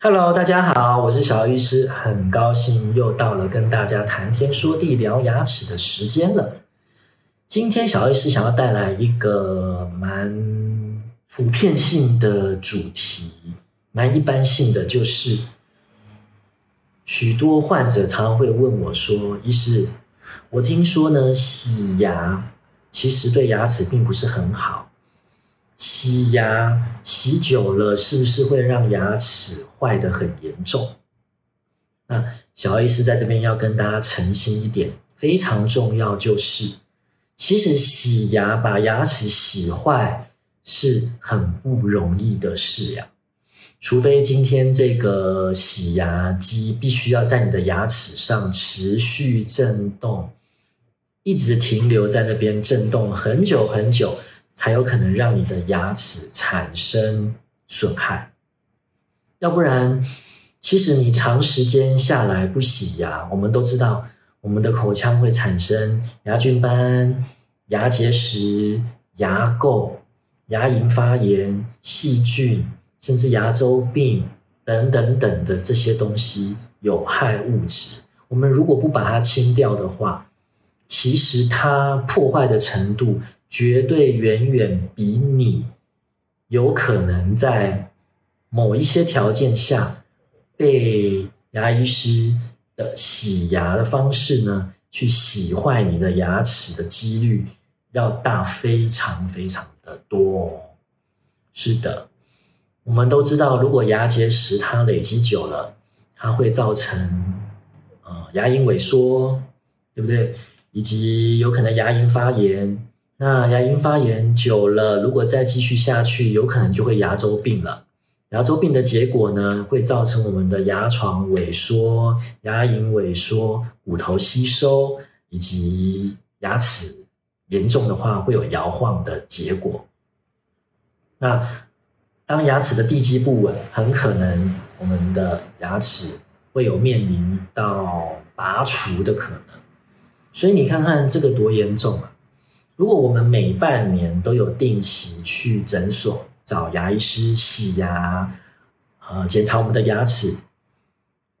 Hello，大家好，我是小醫師，很高興又到了跟大家談天說地聊牙齒的時間了。今天小醫師想要帶來一個蠻普遍性的主題，蠻一般性的，就是許多患者常常會問我說：“醫師，我聽說呢，洗牙其實對牙齒並不是很好。”洗牙洗久了是不是會讓牙齒壞得很嚴重？那小醫師在這邊要跟大家澄清一點，非常重要就是，其實洗牙把牙齒洗壞是很不容易的事呀、啊，除非今天這個洗牙機必須要在你的牙齒上持續震動，一直停留在那邊震動很久很久。才有可能讓你的牙齒產生損害，要不然，其實你長時間下來不洗牙，我們都知道，我們的口腔會產生牙菌斑、牙結石、牙垢、牙齦發炎、細菌，甚至牙周病等等等的這些東西有害物質。我們如果不把它清掉的話，其實它破壞的程度，絕對遠遠比你有可能在某一些條件下被牙醫師的洗牙的方式呢，去洗壞你的牙齒的幾率要大，非常非常的多。是的，我們都知道，如果牙結石它累積久了，它會造成啊、呃、牙齦萎縮，對不對？以及有可能牙齦發炎。那牙齦發炎久了，如果再繼續下去，有可能就會牙周病了。牙周病的結果呢，會造成我們的牙床萎縮、牙齦萎縮、骨頭吸收，以及牙齒嚴重的話會有搖晃的結果。那當牙齒的地基不穩，很可能我們的牙齒會有面臨到拔除的可能。所以你看看這個多嚴重啊！如果我們每半年都有定期去診所找牙醫師洗牙，呃，檢查我們的牙齒，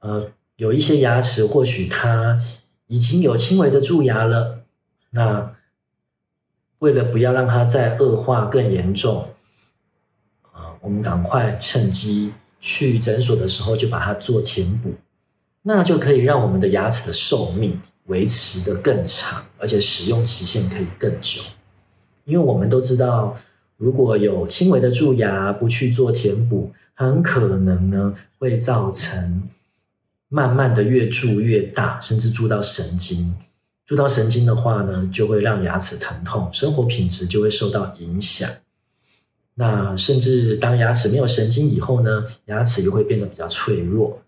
呃，有一些牙齒或許它已經有輕微的蛀牙了，那為了不要讓它再惡化更嚴重，啊、呃，我們趕快趁機去診所的時候就把它做填補，那就可以讓我們的牙齒的壽命維持得更長，而且使用期限可以更久，因為我們都知道，如果有輕微的蛀牙不去做填補，很可能呢會造成慢慢的越蛀越大，甚至蛀到神經。蛀到神經的話呢，就會讓牙齒疼痛，生活品質就會受到影響。那甚至當牙齒沒有神經以後呢，牙齒又會變得比較脆弱，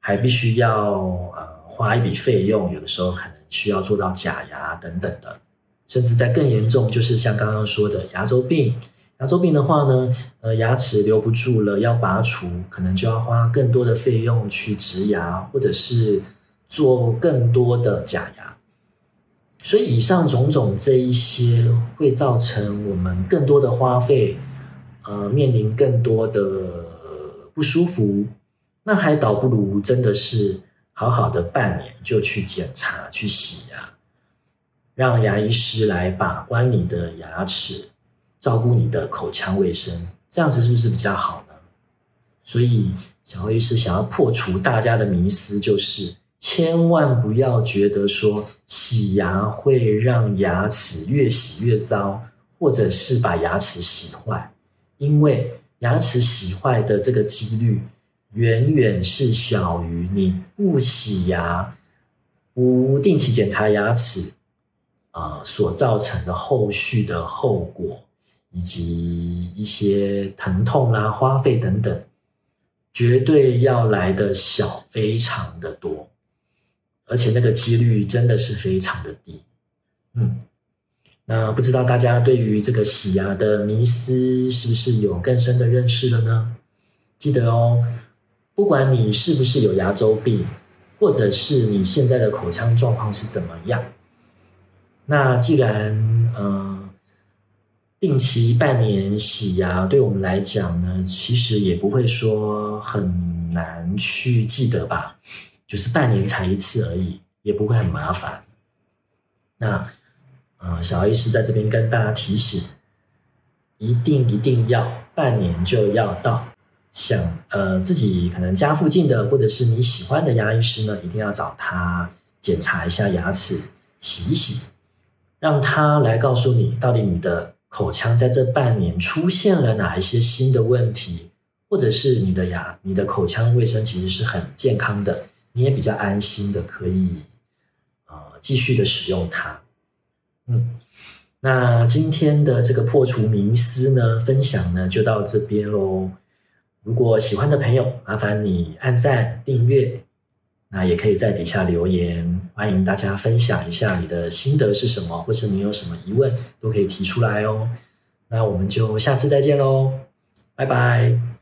還必須要呃。花一筆費用，有的時候可能需要做到假牙等等的，甚至在更嚴重，就是像剛剛說的牙周病。牙周病的話呢，呃，牙齒留不住了，要拔除，可能就要花更多的費用去植牙，或者是做更多的假牙。所以以上種種這一些，會造成我們更多的花費，呃，面臨更多的、呃、不舒服。那還倒不如真的是。好好的半年就去檢查、去洗牙，讓牙醫師來把關你的牙齒，照顧你的口腔衛生，這樣子是不是比較好呢？所以小醫師想要破除大家的迷思，就是千萬不要覺得說洗牙會讓牙齒越洗越糟，或者是把牙齒洗壞，因為牙齒洗壞的這個幾率。遠遠是小於你不洗牙，不定期檢查牙齒啊、呃、所造成的後續的後果，以及一些疼痛啦、啊、花費等等，絕對要來的小非常的多，而且那個幾率真的是非常的低。嗯，那不知道大家對於這個洗牙的迷思是不是有更深的認識了呢？記得哦。不管你是不是有牙周病，或者是你現在的口腔狀況是怎麼樣，那既然嗯、呃，定期半年洗牙，對我們來講呢，其實也不會說很難去記得吧，就是半年才一次而已，也不會很麻煩。那呃，小阿醫師在這邊跟大家提醒，一定一定要半年就要到，想呃，自己可能家附近的或者是你喜歡的牙醫師呢，一定要找他檢查一下牙齒，洗一洗，讓他來告訴你到底你的口腔在這半年出現了哪一些新的問題，或者是你的牙、你的口腔衛生其實是很健康的，你也比較安心的可以啊、呃、繼續的使用它。嗯，那今天的這個破除迷思呢，分享呢就到這邊嘍。如果喜歡的朋友，麻煩你按贊訂閱，那也可以在底下留言，歡迎大家分享一下你的心得是什麼，或是你有什麼疑問都可以提出來哦。那我們就下次再見嘍，拜拜。